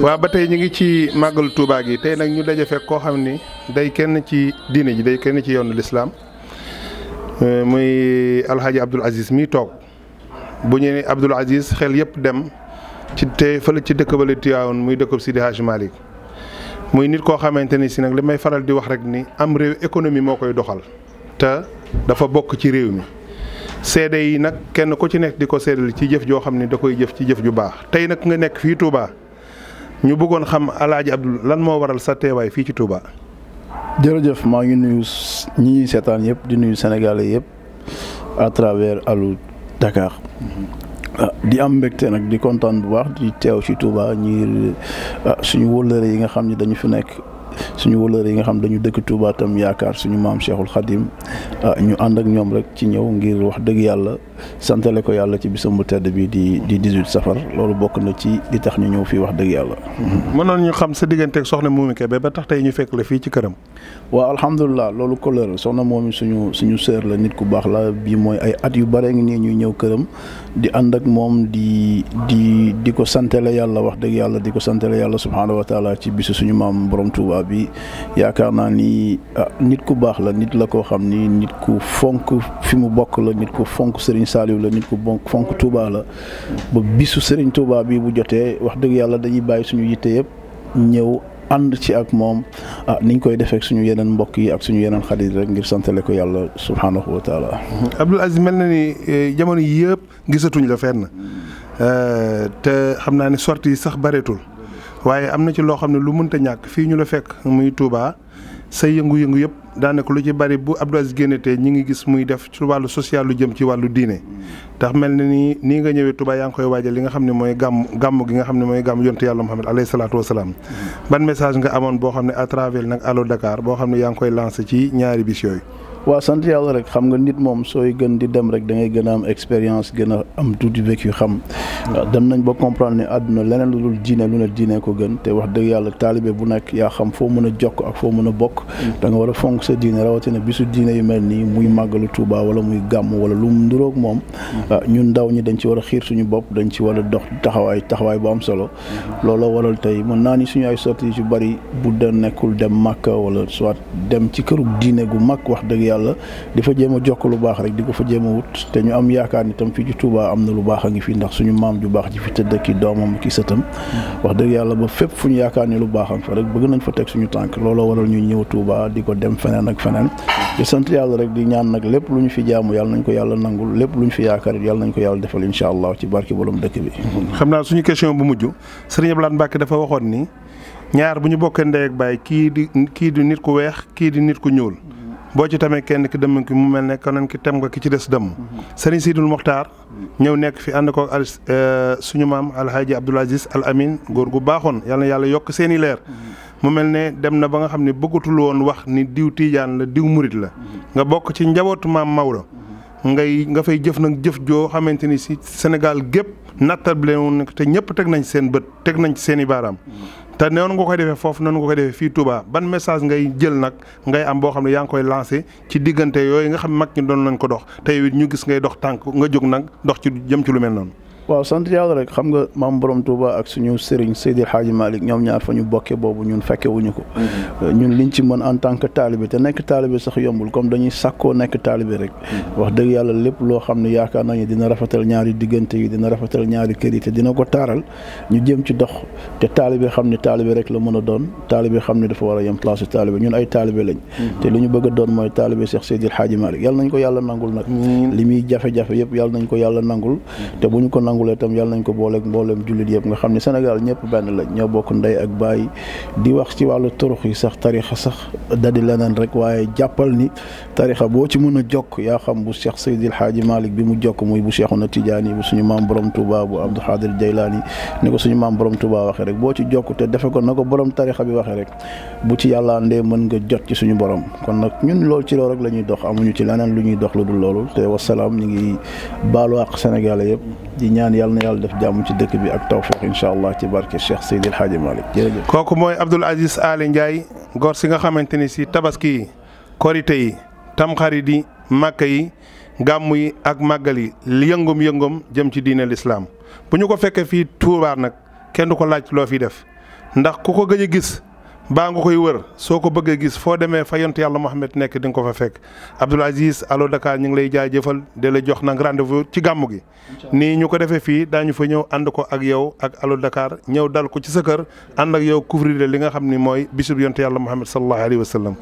waa ba tey ñu ngi ci màggal Touba yi tey nag ñu daje fekk koo xam ni day kenn ci diine ji day kenn ci yoonu lislaam euh, muy alxaaji Abdoul Aziz mi toog bu ñu ne Abdoul Aziz xel yëpp dem ci te fële ci dëkk bale Tiwaawoon muy dëkkub Sidi Hadj Malick muy nit koo xamante ni si nag li may faral di wax rek ni am réew économie moo koy doxal te dafa bokk ci réew mi seede yi nag kenn ku ci nekk di ko seedal ci jëf joo xam ni da koy jëf ci jëf ju baax tey nag nga nekk fii Touba ñu bëggoon xam alaaji Abdou lan moo waral sa teewaay fii ci Touba. jërëjëf maa ngi nuyu ñi seetaan yëpp di nuyu sénégalais yëpp à travers Allô Dakar. ah di am mbégte nag di kontaan bu baax di teew ci Touba ñi ah, suñu wóllëre yi nga xam ni dañu fi nekk suñu wëlëre yi nga xam dañu dëkk Touba tam yaakar suñu maam Cheikhul Khadim ah, ñu and ak ñom rek ci ñew ngir wax dëgg ko Yalla ci bisum bu tedd bi di di 18 safar lolu bokk na ci di tax ñu ñew mana wax dëgg Yalla mënon ñu xam sa ak soxna momi Kébé ba tax tay ñu fekk la fi ci wa alhamdullah lolu ko leer soxna momi suñu suñu sœur la nit ku bax la bi moy ay at yu bare ngi ñu ñew kërëm di andak ak mom di di di ko santale yalla wax dëgg Yalla di ko santale yalla subhanahu wa taala ci bisu suñu maam borom Touba bi yaakaar naa ni ah, nit ku baax la nit la koo xam ni nit ku fonk fi mu bokk la nit ku fonk Serigne Saliou la nit ku bonk fonk Touba la ba bisu sëriñ Touba bi bu jotee wax dëgg yàlla dañuy bàyyi suñu yitte yëpp ñëw ànd ci ak moom ah niñ koy defee suñu yeneen mbokk yi ak suñu yeneen xarit rek ngir santale ko yàlla subhaanahu wa taala. Abdoul Aziz mel na ni eh, jamono yëpp gisatuñ la fenn eh, te xam naa ne sorti yi sax bareetul. waaye am na ci loo xam ne lu mënta ñàkk fii ñu la fekk muy Touba say yëngu-yëngu yëpp daanaka lu ci bari bu Abdou Aziz génne tey ñi ngi gis muy def ci wàllu social lu jëm ci wàllu diine. tax mel na ni nii nga ñëwee Touba yaa ngi koy waajal li nga xam ne mooy gàmm gàmm gi nga xam ne mooy gàmm yontu yàlla Muhammad alayhi salaatu wa salaam. Mm-hmm. ban message nga amoon boo xam ne à travers nag Allo Dakar boo xam ne yaa ngi koy lancé ci ñaari bis yooyu. waaw sant yàlla rek xam nga nit moom sooy gën di dem rek da ngay gën a am expérience gën a am tuuti vécu xam dem nañ ba comprendre ne àdduna leneen lu dul diine lu ne diine ko gën te wax dëgg yàlla taalibe bu nekk yaa xam foo mën a jokk ak foo mën a bokk mm. danga nga fonk sa diine rawatina bisu diine yu mel nii muy màggalu Tuuba wala muy gàmm wala lu mu nduróog moom mm. ah, ñun ndaw ñi dañ ci war xiir suñu bopp dañ ci war a dox taxawaay taxawaay bu am solo mm. looloo waral tey mën naa ni suñu ay sorties yu bari bu da nekkul dem màkka wala soit dem ci këru diine gu mag wax yàlla di fa jéem a jokk lu baax rek di ko fa jéem a wut te ñu am yaakaar ni tam fii ci Touba am na lu baax a ngi fi ndax suñu maam ju baax ji fi tëdd ki doomam ki sëtam wax dëgg yàlla ba fépp fu ñu yaakaar ni lu baax am fa rek bëgg nañ fa teg suñu tànk looloo waral ñu ñëw Touba di ko dem feneen ak feneen di sant yàlla rek di ñaan nag lépp lu ñu fi jaamu yàlla nañ ko yàlla nangul lépp lu ñu fi yaakaar yàlla nañ ko yàlla defal incha allah ci barke borom dëkk bi xam naa bu mujj Serigne Abdoulaye Mbacké dafa waxoon ni ñu bokkee ndey ak baay kii kii di nit ku weex di nit ku ñuul boo ci tamee kenn ki dëmm ki mu mel ne konoon ki tem ko ki ci des dëmm mm-hmm. sëriñ Siidul Moxtaar mm-hmm. ñëw nekk fi ànd ko al euh, suñu maam alhaaji Abdoul Aziz Al Amin góor gu baaxoon yàlla yàlla yokk seen i leer mm-hmm. mu mel ne dem na ba nga xam ne bëggatul woon wax ni diw tiijaan la diw murit la nga bokk ci njabootu maam la ngay nga fay jëf nag jëf joo xamante ni si Sénégal gépp leen woon te ñëpp teg nañ seen bët teg nañ seen i baaraam. te noonu nga koy defee foofu noonu nga koy defee fii tubaa ban message ngay jël nag ngay am boo xam ne yaa ngi koy lancé ci diggante yooyu nga xam mag ñi doon nañ ko dox tey it ñu gis ngay dox tànk nga jóg nag dox ci jëm ci lu mel noonu. waaw sant yàlla rek xam nga maam borom Touba ak suñu sëriñ Seydi Hadji Malick ñoom ñaar fa ñu bokkee boobu ñun fekke ko mm-hmm. ñun liñ ci mën en tant que taalibe te nekk taalibe sax yombul comme dañuy sàkkoo nekk taalibe rek mm-hmm. wax dëgg yàlla lépp loo xam ne yaakaar nañu dina rafetal ñaari diggante yi dina rafetal ñaari kër yi te dina ko taaral ñu jëm ci dox te taalibe xam ne taalibe rek la mën a doon taalibe xam ne dafa war a yem place taalibe ñun ay taalibe lañ mm-hmm. doon mooy taalibe Cheikh Seydi Hadji Malick yàlla nañ ko yàlla nangul nag li muy jafe-jafe nañ ko yàlla nangul nangulee itam yàlla nañ ko booleeg mbooleem jullit yëpp nga xam ne Sénégal ñëpp benn lañ ñoo bokk ndey ak baay di wax ci wàllu turux yi sax tarixa sax dadi leneen rek waaye jàppal ni tarixa boo ci mën a jokk yaa xam bu Cheikh Seydil Hadji malik bi mu jokk muy bu na Tidiane bu suñu maam borom Touba bu Abdou Khadir Jeylaani ni ko suñu maam borom Touba waxee rek boo ci jokk te defe ko na ko borom tarixa bi waxee rek bu ci yàlla ndee mën nga jot ci suñu borom kon nag ñun loolu ci rek la ñuy dox amuñu ci leneen lu ñuy dox lu loolu te wasalaam ñu ngi baalu ak Sénégalais yëpp di ñaan ñaan yàlla na yàlla def jàmm ci dëkk bi kooku mooy Abdoul Aziz Aly Ndiaye gor si nga xamante ni si tabaski yi korite yi tamxarit yi màkk yi gàmm yi ak màggal yi yëngum yëngum jëm ci diine lislaam bu ñu ko fekkee fii Touba nag kenn ko laaj loo fi def ndax ku ko gëj a gis. ba nga koy wër soko ko gis fo démé fa yont yalla mohammed nek di fa fekk Aziz Allo Dakar ñing ngi lay jaajëfal di la jox nak rendez-vous ci gamu gi. ni ñu ko defee fii daañu fa ñëw and ko ak yow ak Allo Dakar ñëw dal ko ci sa kër and ak yow couvrir li nga xamni moy bisub yont yalla mohammed sallallahu Alaihi Wasallam.